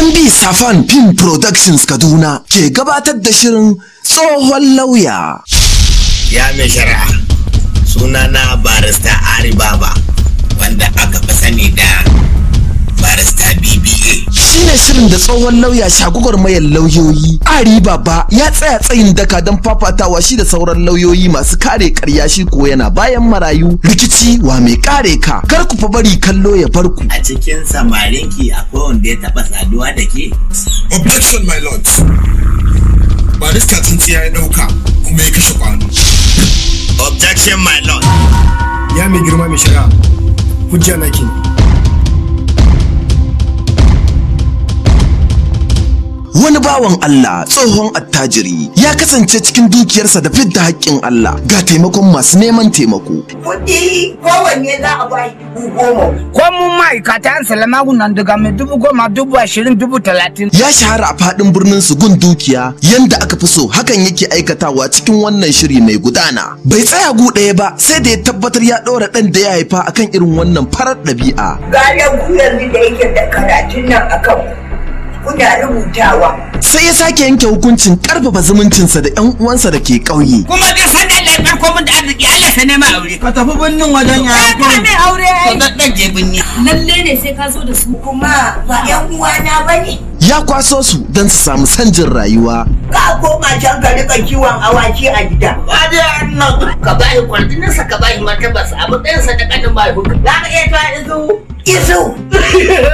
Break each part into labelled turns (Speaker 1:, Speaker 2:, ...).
Speaker 1: MB Safan Film Productions Kaduna ke gabatar da shirin tsohon lauya. Ya mai shari'a, sunana barista Ari shine shirin da tsohon lauya shagugar mayan lauyoyi ari baba ya tsaya tsayin daka don fafatawa shi da sauran lauyoyi masu kare karya shi ko yana bayan marayu rikici wa mai kare ka kar ku fa bari kallo ya bar ku a cikin samarinki akwai wanda ya taba saduwa da ke objection my lord ba barista tsintsiya ya dauka kuma ya kashe kwano objection my lord ya mai girma mai shari'a hujja na kenan bawan Allah tsohon attajiri ya kasance cikin dukiyarsa da fidda haƙƙin Allah ga taimakon masu neman taimako. Kuɗi kowanne za a bayi dubu goma. Ko mun ma'aikata an salama gunan daga mai dubu goma dubu ashirin dubu talatin. Ya shahara a faɗin birnin su gun dukiya yanda aka fi so hakan yake aikatawa cikin wannan shiri mai gudana. Bai tsaya gu ɗaya ba sai da ya tabbatar ya ɗora ɗan da ya haifa akan irin wannan farar ɗabi'a. Ga yanzu da yake da karatun nan akan kuna rubutawa. sai ya sake yanke hukuncin karfafa zumuncinsa da yan uwansa da ke ƙauye kuma ka san Allah farko mun da arziki Allah sai nema aure ka tafi binnin wajen ya ka ne aure ai to dan je binni lalle ne sai ka zo da su kuma ba yan uwana bane ya kwaso su don su samu sanjin rayuwa ka koma can ka rika kiwon awaki a gida ba dai annan ka bai sa, ka bai martabarsa abu sa da kanin mahaifinka za ka iya ta izu izu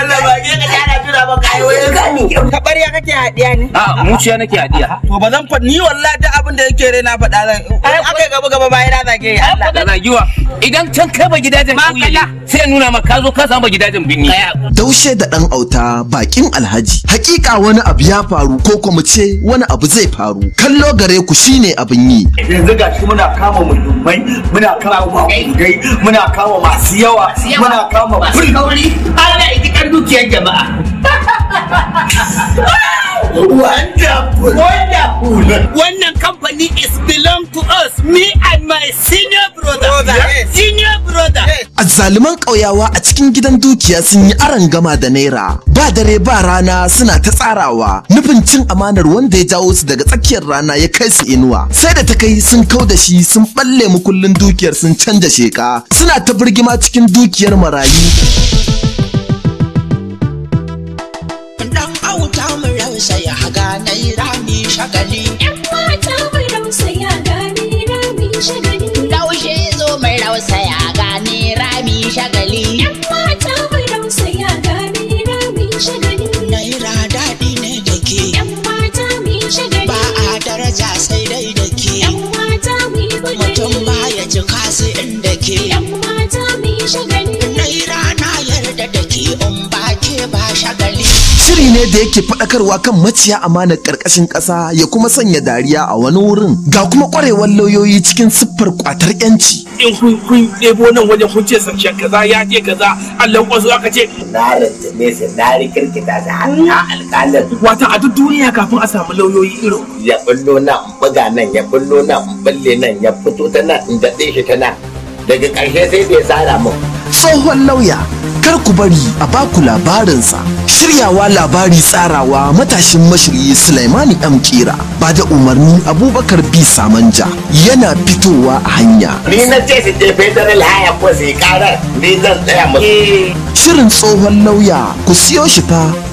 Speaker 1: Allah ba ke ka faɗa ba kai wai gani kabariya kake hadiya ne a muciya nake hadiya to ba zan fa ni wallahi duk abin da yake rai na faɗa zan aka gaba gaba bayan na zage ya Allah da zagiwa idan can kai ba gidajen kauye sai nuna maka zo ka samu ba gidajen binni daushe da dan auta bakin alhaji hakika wani abu ya faru ko kuma ce wani abu zai faru kallo gare ku shine abin yi yanzu gashi muna kama muhimmai muna kama maƙudai muna kama masu yawa muna kama masu kauri ana ita kan dukiyar jama'a Wonderful. Wonderful. Wannan company is belong to us, me and my senior brother. brother. Yes. Senior brother. zaliman ƙauyawa a cikin gidan dukiya sun yi aron gama da naira. Ba dare ba rana suna ta tsarawa. Nufin cin amanar wanda ya jawo su daga tsakiyar rana ya kai su inuwa. Sai da ta kai sun kau da shi sun balle mu kullun dukiyar sun canja sheka. Suna ta birgima cikin dukiyar marayu. shagali yan mata mai rausaya gane rami shagali laushe zo mai rausaya gane rami shagali yan mata ne da yake faɗakarwa kan maciya amanar ƙarƙashin ƙasa ya kuma sanya dariya a wani wurin ga kuma ƙwarewar lauyoyi cikin siffar ƙwatar ƴanci. In kun ɗebo nan wajen kun ce sashen kaza ya ce kaza Allah ƙwazo aka ce. Na rantame su na rikirkita da hannun alƙalin. Wata a duk duniya kafin a samu lauyoyi irin. Ya bullo nan in buga nan ya bullo nan in nan ya fito ta nan in daɗe shi ta nan. Daga ƙarshe sai bai sara mun. tsohon lauya kar ku bari a ba baku labarinsa shiryawa labari tsarawa matashin mashiryi sulaimani m kira ba da umarni abubakar b samanja yana fitowa a hanya ni na ce su je federal haya ko sai karar ni zan tsaya musu shirin tsohon lauya ku siyo shi fa